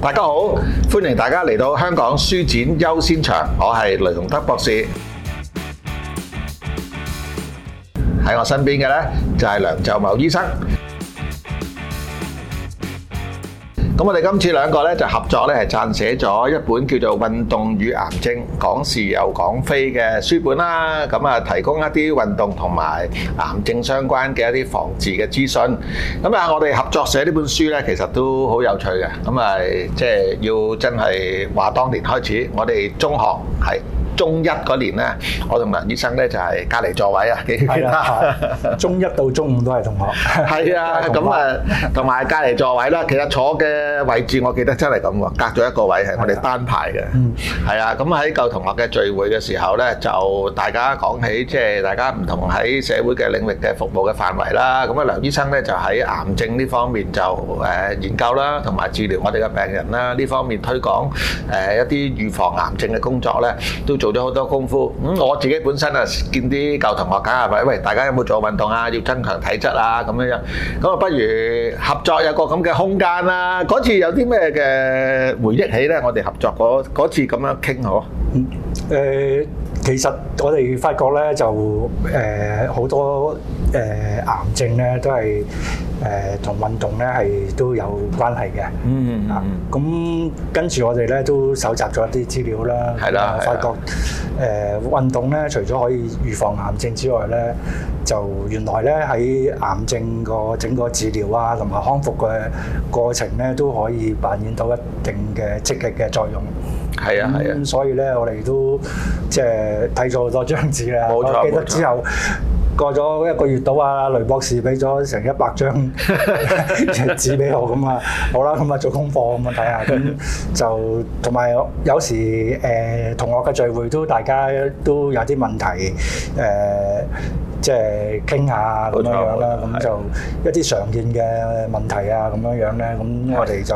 大家好，歡迎大家嚟到香港書展優先場，我係雷雄德博士。喺我身邊嘅呢就係梁就茂醫生。咁我哋今次兩個咧就合作咧係撰寫咗一本叫做《運動與癌症：講是又講非》嘅書本啦。咁啊，提供一啲運動同埋癌症相關嘅一啲防治嘅資訊。咁啊，我哋合作寫呢本書咧，其實都好有趣嘅。咁啊，即係要真係話當年開始，我哋中學係。中一嗰年咧，我同梁醫生咧就係隔籬座位啊，幾記得。中一到中五都係同學。係啊，咁啊，同埋隔籬座位啦。其實坐嘅位置我記得真係咁喎，隔咗一個位係我哋單排嘅。嗯，係啊，咁喺舊同學嘅聚會嘅時候咧，就大家講起即係大家唔同喺社會嘅領域嘅服務嘅範圍啦。咁啊，梁醫生咧就喺癌症呢方面就誒研究啦，同埋治療我哋嘅病人啦，呢方面推廣誒一啲預防癌症嘅工作咧都做。做咗好多功夫，咁、嗯、我自己本身啊，見啲舊同學講下話，喂、啊，大家有冇做運動啊？要增強體質啊，咁樣樣，咁啊，不如合作有一個咁嘅空間啦、啊。嗰次有啲咩嘅回憶起咧？我哋合作嗰嗰次咁樣傾好。誒、嗯呃，其實我哋發覺咧，就誒好、呃、多誒、呃、癌症咧，都係。誒同運動咧係都有關係嘅，嗯啊，咁跟住我哋咧都搜集咗一啲資料啦，係啦，發覺誒運動咧除咗可以預防癌症之外咧，就原來咧喺癌症個整個治療啊同埋康復嘅過程咧都可以扮演到一定嘅積極嘅作用，係啊係啊，咁所以咧我哋都即係睇咗好多張紙啦，冇錯，我記得之後，過咗一個月到啊，雷博士俾咗成一百張 紙俾我咁啊，好啦咁啊做功課咁啊睇下，咁就同埋有，有時誒、呃、同學嘅聚會都大家都有啲問題誒。呃即係傾下咁樣樣啦，咁就一啲常見嘅問題啊咁樣樣咧，咁我哋就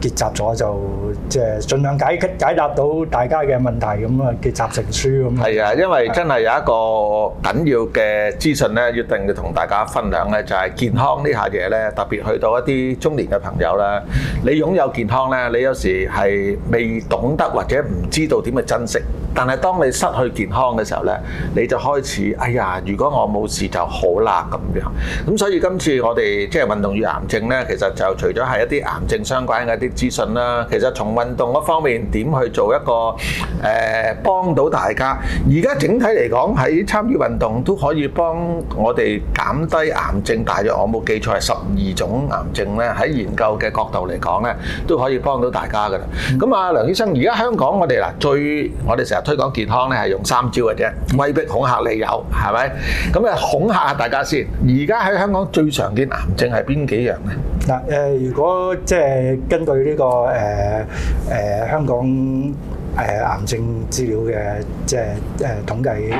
結集咗就即係盡量解解答到大家嘅問題咁啊，結集成書咁啊。係啊，因為真係有一個緊要嘅資訊咧，一定要同大家分享咧，就係健康呢下嘢咧，特別去到一啲中年嘅朋友啦，你擁有健康咧，你有時係未懂得或者唔知道點去珍惜，但係當你失去健康嘅時候咧，你就開始，哎呀，如果我我冇事就好啦咁樣，咁所以今次我哋即係運動與癌症呢，其實就除咗係一啲癌症相關嘅一啲資訊啦，其實從運動嗰方面點去做一個誒幫到大家？而家整體嚟講，喺參與運動都可以幫我哋減低癌症大約，我冇記錯係十二種癌症呢。喺研究嘅角度嚟講呢，都可以幫到大家㗎啦。咁啊，梁醫生，而家香港我哋嗱最我哋成日推廣健康呢係用三招嘅啫，威逼恐嚇利誘係咪？咁啊，恐嚇大家先。而家喺香港最常見癌症係邊幾樣咧？嗱，誒，如果即係根據呢、這個誒誒、呃呃、香港誒、呃、癌症資料嘅即係誒統計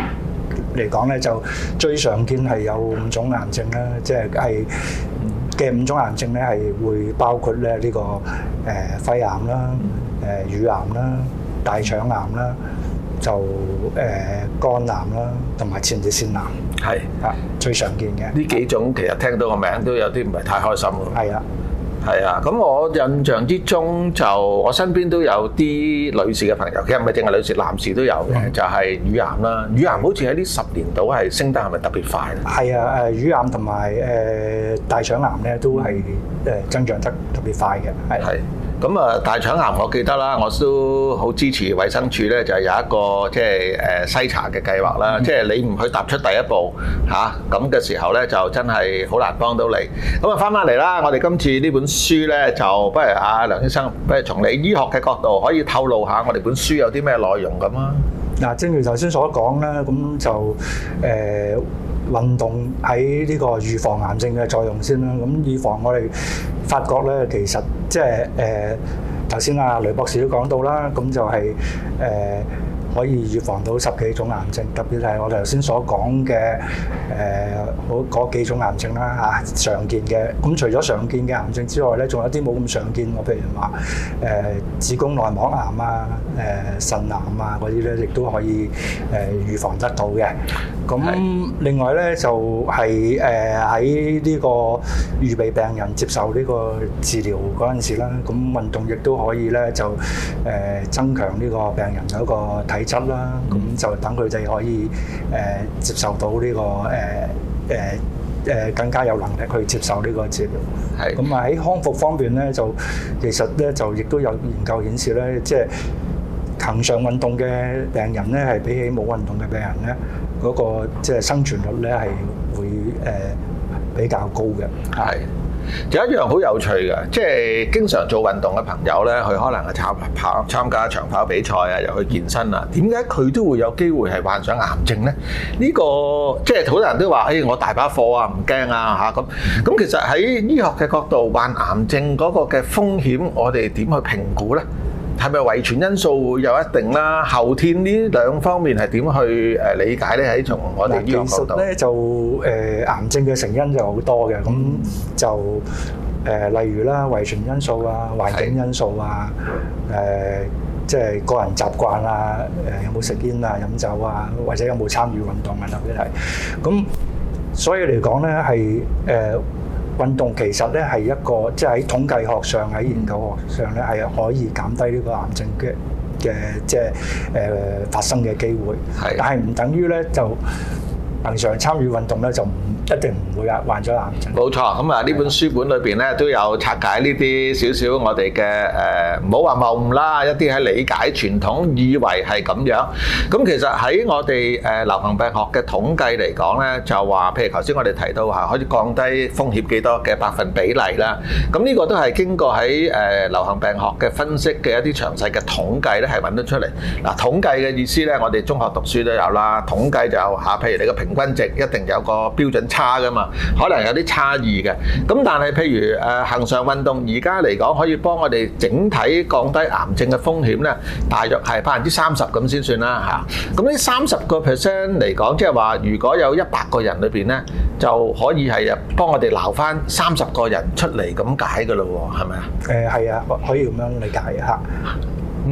嚟講咧，就最常見係有五種癌症啦，即係係嘅五種癌症咧，係會包括咧、這、呢個誒肺、呃、癌啦、誒、呃、乳癌啦、大腸癌啦。就誒、呃、肝癌啦，同埋前列腺癌係啊，是最常見嘅呢幾種，其實聽到個名都有啲唔係太開心咯。係啊的，係啊。咁我印象之中就我身邊都有啲女士嘅朋友，其實唔係淨係女士，男士都有嘅，的就係乳癌啦。乳癌好似喺呢十年度係升得係咪特別快？係啊，誒乳癌同埋誒大腸癌咧都係誒增長得特別快嘅。係。的咁啊，大腸癌我記得啦，我都好支持衞生署呢就係、有一個、就係呃嗯、即係誒篩查嘅計劃啦。即係你唔去踏出第一步，嚇咁嘅時候呢就真係好難幫到你。咁啊，翻翻嚟啦，我哋今次呢本書呢，就不如阿梁醫生，不如從你醫學嘅角度可以透露下我哋本書有啲咩內容咁啊？嗱，正如頭先所講啦，咁就誒。呃運動喺呢個預防癌症嘅作用先啦，咁預防我哋發覺咧，其實即係誒頭先阿雷博士都講到啦，咁就係、是、誒。呃可以預防到十幾種癌症，特別係我頭先所講嘅誒嗰嗰幾種癌症啦嚇，常見嘅。咁除咗常見嘅癌症之外咧，仲有啲冇咁常見，我譬如話誒子宮內膜癌啊、誒腎癌啊嗰啲咧，亦都可以誒預防得到嘅。咁另外咧就係誒喺呢個預備病人接受呢個治療嗰陣時啦，咁運動亦都可以咧就誒增強呢個病人嗰個體體質啦，咁、嗯、就等佢哋可以誒、呃、接受到呢、這個誒誒誒更加有能力去接受呢個治療。係的。咁啊喺康復方面咧，就其實咧就亦都有研究顯示咧，即係勤上運動嘅病人咧，係比起冇運動嘅病人咧，嗰、那個即係生存率咧係會誒、呃、比較高嘅。係。有一樣好有趣嘅，即係經常做運動嘅朋友呢，佢可能係參跑、參加長跑比賽啊，又去健身啊，點解佢都會有機會係患上癌症呢？呢、這個即係好多人都話，誒、哎，我大把貨啊，唔驚啊，嚇咁。咁其實喺醫學嘅角度，患癌症嗰個嘅風險，我哋點去評估呢？係咪遺傳因素會有一定啦？後天呢兩方面係點去誒理解咧？喺從我哋呢個角度咧，就誒、呃、癌症嘅成因就好多嘅。咁就誒、呃、例如啦，遺傳因素啊，環境因素啊，誒是、呃、即係個人習慣啊，誒、呃、有冇食煙啊、飲酒啊，或者有冇參與運動啊，特別係咁，所以嚟講咧係誒。運動其實咧係一個，即係喺統計學上喺研究學上咧係可以減低呢個癌症嘅嘅即係誒、呃、發生嘅機會，係但係唔等於咧就。平常參與運動咧，就一定唔會啊，患咗癌症。冇錯，咁啊呢本書本裏邊咧都有拆解呢啲少少我哋嘅誒，唔好話謬誤啦，一啲喺理解傳統以為係咁樣。咁其實喺我哋誒流行病學嘅統計嚟講咧，就話譬如頭先我哋提到吓，可以降低風險幾多嘅百分比例啦。咁呢個都係經過喺誒流行病學嘅分析嘅一啲詳細嘅統計咧，係揾得出嚟。嗱統計嘅意思咧，我哋中學讀書都有啦，統計就有吓，譬如你個平平均值一定有個標準差㗎嘛，可能有啲差異嘅。咁，但係譬如恆常運動，而家嚟講可以幫我哋整體降低癌症嘅風險呢，大約係百分之三十，咁先算啦，吓。咁呢三十個 percent 嚟講，即係話如果有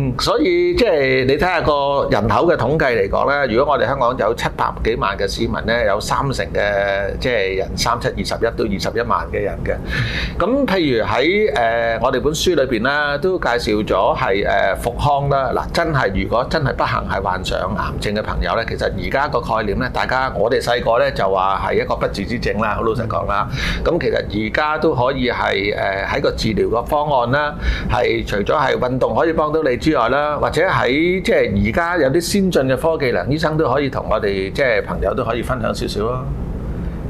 嗯，所以即係你睇下個人口嘅統計嚟講呢，如果我哋香港有七百幾萬嘅市民呢，有三成嘅即係人三七二十一到二十一萬嘅人嘅。咁譬如喺誒我哋本書裏邊呢，都介紹咗係誒復康啦。嗱，真係如果真係不幸係患上癌症嘅朋友呢，其實而家個概念呢，大家我哋細個呢就話係一個不治之症啦。好老實講啦，咁其實而家都可以係誒喺個治療個方案啦，係除咗係運動可以幫到你。之外啦，或者喺即係而家有啲先進嘅科技，梁醫生都可以同我哋即係朋友都可以分享少少咯。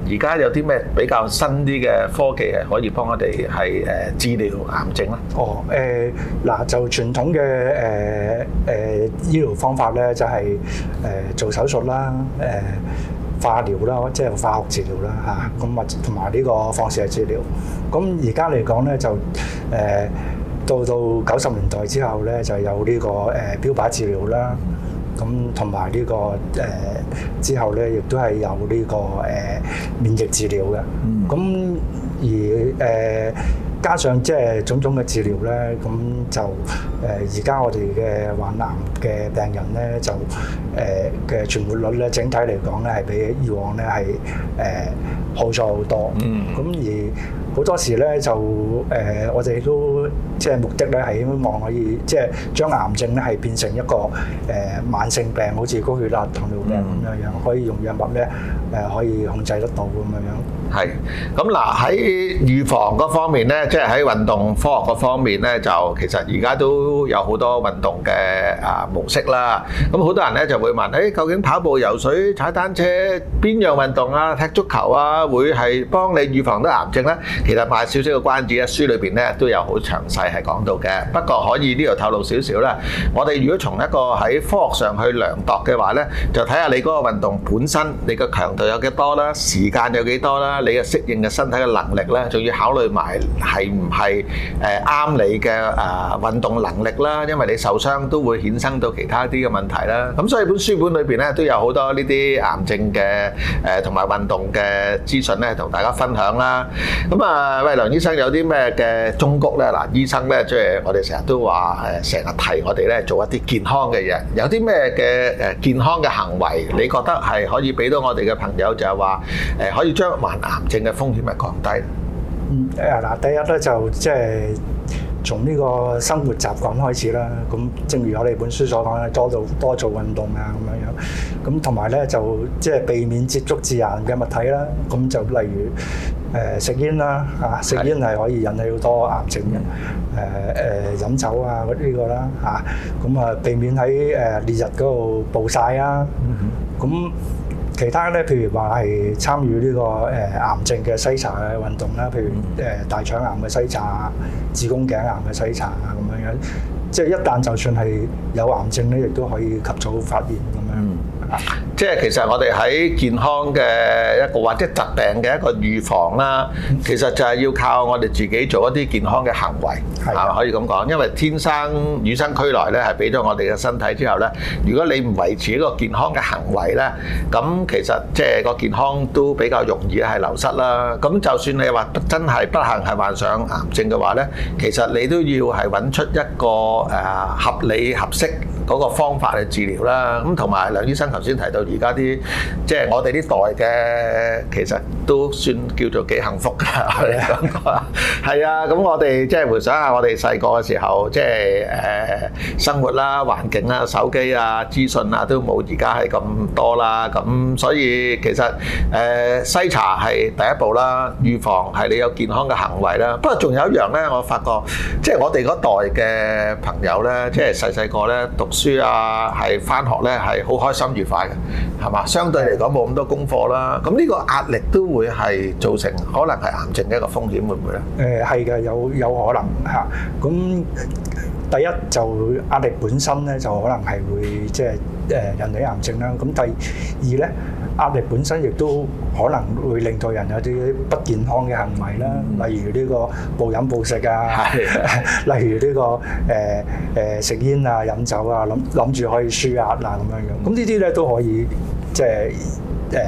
而家有啲咩比較新啲嘅科技嘅，可以幫我哋係誒治療癌症啦。哦，誒、呃、嗱就傳統嘅誒誒醫療方法咧，就係、是、誒、呃、做手術啦、誒、呃、化療啦，即係化學治療啦嚇。咁咪同埋呢個放射治療。咁而家嚟講咧，就誒。呃到到九十年代之後咧，就有呢、呢個誒、呃、標靶治療啦，咁同埋呢個誒、呃、之後咧，亦都係有呢、呢個誒、呃、免疫治療嘅。咁、嗯、而誒、呃、加上即係種種嘅治療咧，咁就誒而家我哋嘅患癌嘅病人咧，就誒嘅存活率咧，整體嚟講咧，係比以往咧係誒好咗好多。嗯。咁而好多時咧就誒、呃、我哋都。即係目的咧，係希望可以即係將癌症咧，係變成一個誒慢性病，好似高血壓、糖尿病咁樣樣，可以用藥物咧誒可以控制得到咁樣樣。係咁嗱，喺預防嗰方面咧，即係喺運動科學嗰方面咧，就其實而家都有好多運動嘅啊模式啦。咁好多人咧就會問：誒究竟跑步、游水、踩單車邊樣運動啊？踢足球啊，會係幫你預防得癌症咧？其實賣少少嘅關子咧，書裏邊咧都有好詳細。係講到嘅，不過可以呢度透露少少啦。我哋如果從一個喺科學上去量度嘅話咧，就睇下你嗰個運動本身，你個強度有幾多啦，時間有幾多啦，你嘅適應嘅身體嘅能力啦，仲要考慮埋係唔係誒啱你嘅誒運動能力啦。因為你受傷都會衍生到其他啲嘅問題啦。咁所以本書本裏邊咧都有好多呢啲癌症嘅誒同埋運動嘅資訊咧，同大家分享啦。咁啊，喂，梁醫生，有啲咩嘅忠告咧？嗱，醫生。咩？即係我哋成日都話誒，成日提我哋咧做一啲健康嘅嘢。有啲咩嘅誒健康嘅行為，你覺得係可以俾到我哋嘅朋友，就係話誒，可以將患癌症嘅風險係降低？嗯誒嗱，第一咧就即係從呢個生活習慣開始啦。咁正如我哋本書所講嘅，多做多做運動啊，咁樣樣。咁同埋咧就即係避免接觸致癌嘅物體啦。咁就例如。誒、呃、食煙啦，嚇食煙係可以引起好多癌症嘅。誒、呃、誒、呃、飲酒啊，呢、這、啲個啦、啊，嚇咁啊，避免喺誒、呃、烈日嗰度暴曬啊。咁、啊、其他咧，譬如話係參與呢、這個誒、呃、癌症嘅篩查嘅運動啦，譬如誒、呃、大腸癌嘅篩查、子宮頸癌嘅篩查啊，咁樣樣。即係一旦就算係有癌症咧，亦都可以及早發現咁樣。嗯即係其實我哋喺健康嘅一個或者疾病嘅一個預防啦，其實就係要靠我哋自己做一啲健康嘅行為，係的可以咁講。因為天生與生俱來咧，係俾咗我哋嘅身體之後咧，如果你唔維持一個健康嘅行為咧，咁其實即係個健康都比較容易係流失啦。咁就算你話真係不幸係患上癌症嘅話咧，其實你都要係揾出一個誒、呃、合理合適，嗰個方法去治療啦，咁同埋梁醫生頭先提到而家啲，即係我哋呢代嘅，其實都算叫做幾幸福㗎。我哋講過係啊，咁我哋即係回想下我哋細個嘅時候，即係誒生活啦、環境啦、手機啊、資訊啊，都冇而家係咁多啦。咁所以其實誒篩查係第一步啦，預防係你有健康嘅行為啦。不過仲有一樣咧，我發覺即係我哋嗰代嘅朋友咧，即係細細個咧讀書啊，係返學咧係好開心愉快嘅，係嘛？相對嚟講冇咁多功課啦，咁呢的個壓力都會係造成可能係癌症嘅一個風險，會唔會咧？誒，係嘅，有有可能嚇。咁、啊、第一就壓力本身咧，就可能係會即係誒引起癌症啦。咁第二咧。壓力本身亦都可能會令到人有啲不健康嘅行為啦，例如呢、這個暴飲暴食啊，的啊，例如呢、這個誒誒、呃呃、食煙啊、飲酒啊，諗諗住可以舒壓啊咁樣樣。咁呢啲咧都可以即係誒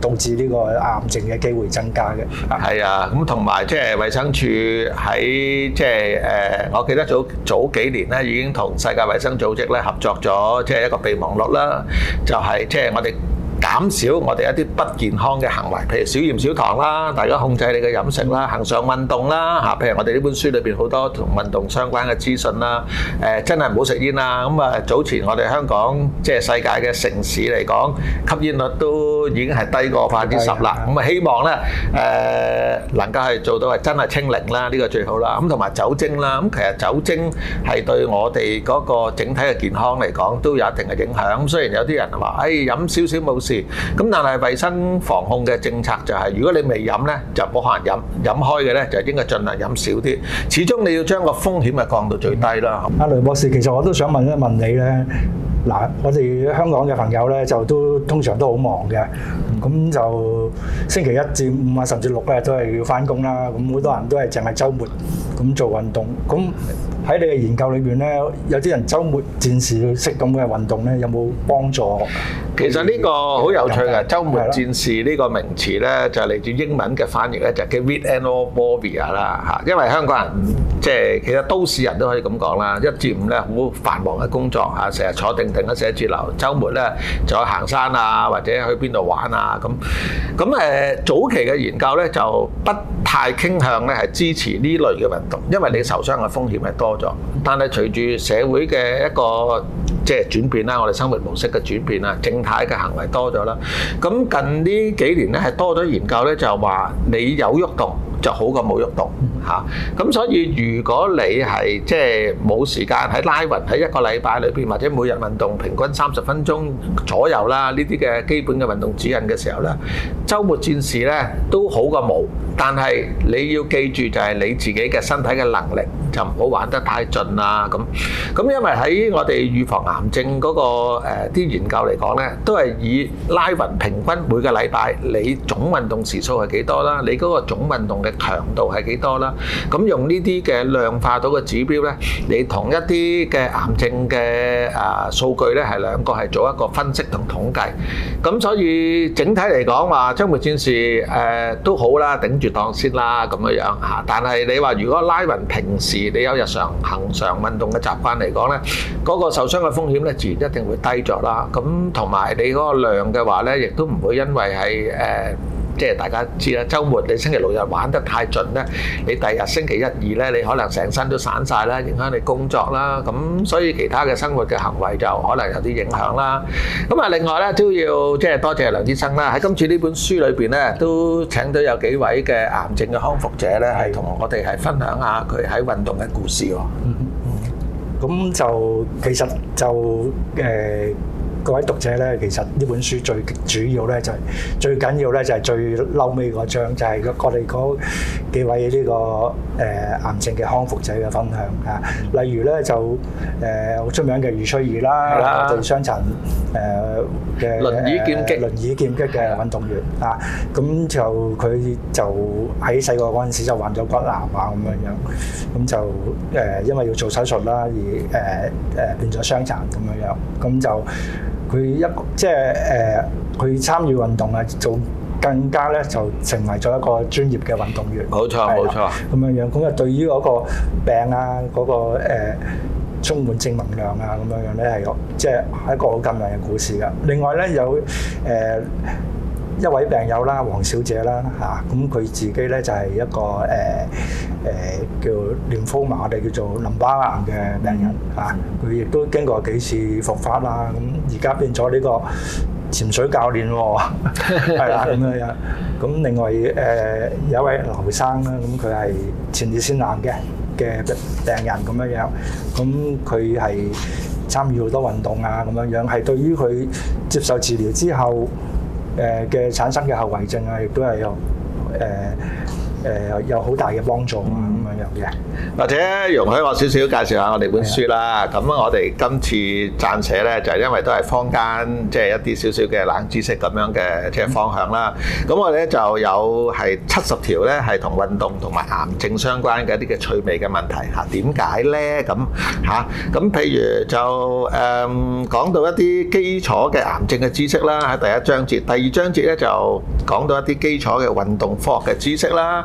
導致呢個癌症嘅機會增加嘅。係啊，咁同埋即係衛生署喺即係誒，我記得早早幾年咧已經同世界衞生組織咧合作咗，即係一個備忘錄啦，就係即係我哋。減少我哋一啲不健康嘅行為，譬如少鹽少糖啦，大家控制你嘅飲食啦，恆常運動啦，嚇，譬如我哋呢本書裏邊好多同運動相關嘅資訊啦，誒，真係唔好食煙啦，咁啊，早前我哋香港即係世界嘅城市嚟講，吸煙率都已經係低過百分之十啦，咁啊，希望咧誒能夠係做到係真係清零啦，呢個最好啦，咁同埋酒精啦，咁其實酒精係對我哋嗰個整體嘅健康嚟講都有一定嘅影響，咁雖然有啲人話，誒飲少少冇。咁但係衛生防控嘅政策就係，如果你未飲咧，就冇可能飲；飲開嘅咧，就應該盡量飲少啲。始終你要將個風險咪降到最低啦。阿雷博士，其實我都想問一問你咧，嗱，我哋香港嘅朋友咧就都通常都好忙嘅，咁就星期一至五啊，甚至六咧都係要返工啦。咁好多人都係淨係週末咁做運動。咁喺你嘅研究裏邊咧，有啲人週末戰士式嘅運動咧，有冇幫助？其實呢個好有趣嘅，周末戰士呢個名詞呢，就係嚟自英文嘅翻譯呢就叫 Weekend Warrior 啦嚇。因為香港人即係其實都市人都可以咁講啦，一至五呢好繁忙嘅工作嚇，成日坐定定喺寫字樓，周末呢，就去行山啊，或者去邊度玩啊咁。咁誒早期嘅研究呢，就不太傾向咧係支持呢類嘅運動，因為你受傷嘅風險係多咗。但係隨住社會嘅一個即係轉變啦，我哋生活模式嘅轉變啦，靜態嘅行為多咗啦。咁近呢幾年咧係多咗研究咧，就係話你有喐動，就好過冇喐動吓，咁所以如果你係即係冇時間喺拉勻喺一個禮拜裏邊，或者每日運動平均三十分鐘左右啦，呢啲嘅基本嘅運動指引嘅時候咧，週末戰士咧都好過冇，但係你要記住就係你自己嘅身體嘅能力，就唔好玩得太盡啦咁。咁因為喺我哋預防癌症嗰個誒啲研究嚟講咧，都係以拉勻平均每個禮拜你總運動時數係幾多啦，你嗰個總運動嘅，強度係幾多啦？咁用呢啲嘅量化到嘅指標咧，你同一啲嘅癌症嘅啊數據咧，係兩個係做一個分析同統計。咁所以整體嚟講話，週末戰士誒都好啦，頂住檔先啦咁樣樣嚇。但係你話如果拉勻平時你有日常恆常運動嘅習慣嚟講咧，嗰個受傷嘅風險咧，自然一定會低咗啦。咁同埋你嗰個量嘅話咧，亦都唔會因為係誒。即係大家知啦，週末你星期六日玩得太盡咧，你第日星期一二咧，你可能成身都散晒啦，影響你工作啦。咁所以其他嘅生活嘅行為就可能有啲影響啦。咁啊，另外咧都要即係多謝梁醫生啦。喺今次呢本書裏邊咧，都請到有幾位嘅癌症嘅康復者咧，係同我哋係分享下佢喺運動嘅故事喎。嗯嗯，咁就其實就呃。各位讀者咧，其實呢本書最主要咧就係最緊要咧就係最嬲尾嗰章，就係、是、我哋講幾位呢、這個誒、呃、癌症嘅康復者嘅分享啊。例如咧就誒好、呃、出名嘅余翠怡啦，對傷殘誒嘅輪椅劍擊、輪椅劍擊嘅運動員啊。咁就佢就喺細個嗰陣時就患咗骨癌啊，咁樣樣。咁就誒、呃、因為要做手術啦，而誒誒、呃呃、變咗傷殘咁樣樣。咁就佢一個即係誒，佢、呃、參與運動啊，做更加咧就成為咗一個專業嘅運動員。冇錯，冇的錯，咁樣樣咁啊！對於嗰個病啊，嗰、那個、呃、充滿正能量啊，咁樣樣咧係即係一個好感人嘅故事噶。另外咧有誒。呃一位病友啦，黃小姐啦，嚇、啊，咁佢自己咧就係一個誒誒叫淋巴癌，我、呃、哋叫做淋巴癌嘅病人嚇，佢、啊、亦都經過幾次復發啦，咁而家變咗呢個潛水教練喎，係啦咁樣樣。咁、啊、另外誒有、呃、一位劉生啦，咁佢係前列腺癌嘅嘅病人咁樣樣，咁佢係參與好多運動啊咁樣樣，係對於佢接受治療之後。誒嘅、呃、產生嘅後遺症啊，亦都係有誒。呃誒有有好大嘅幫助咁樣樣嘅，或者容許我少少介紹下我哋本書啦。咁我哋今次撰寫咧，就係因為都係坊間，即係一啲少少嘅冷知識咁樣嘅即係方向啦。咁我哋咧就有係七十條咧，係同運動同埋癌症相關嘅一啲嘅趣味嘅問題嚇。點解咧？咁嚇，咁譬如就誒講到一啲基礎嘅癌症嘅知識啦，喺第一章節；第二章節咧就講到一啲基礎嘅運動科學嘅知識啦。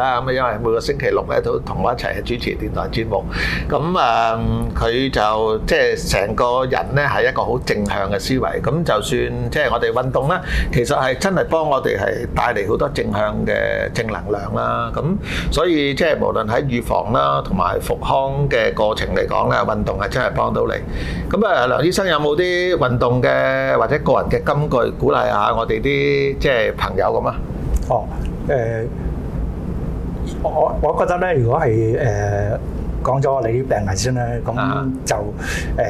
啊，因為每個星期六咧都同我一齊去主持電台節目。咁啊，佢、嗯、就即係成個人咧係一個好正向嘅思維。咁就算即係我哋運動啦，其實係真係幫我哋係帶嚟好多正向嘅正能量啦。咁所以即係無論喺預防啦，同埋復康嘅過程嚟講咧，運動係真係幫到你。咁啊，梁醫生有冇啲運動嘅或者個人嘅金句鼓勵下我哋啲即係朋友咁啊？哦，誒、呃。我我覺得呢，如果係誒、呃、講咗你啲病歷先呢，咁就、呃、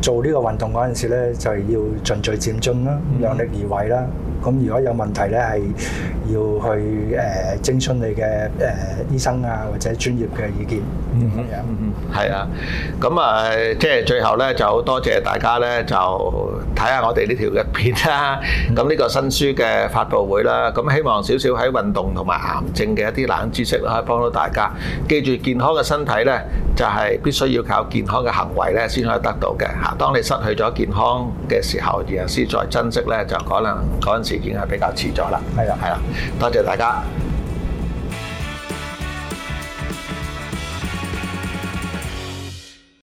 做呢個運動嗰陣時咧，就要循序漸進啦，量力而為啦。咁如果有問題咧，係要去誒徵詢你嘅誒醫生啊，或者專業嘅意見咁樣。嗯嗯，係啊。咁啊，即係最後咧，就多謝大家咧，就睇下我哋呢條嘅片啦。咁呢個新書嘅發佈會啦，咁希望少少喺運動同埋癌症嘅一啲冷知識，可以幫到大家。記住，健康嘅身體咧，就係必須要靠健康嘅行為咧，先可以得到嘅嚇。當你失去咗健康嘅時候，然後先再珍惜咧，就可能嗰陣時，已經係比較遲咗啦，係啦，係啦，多謝大家。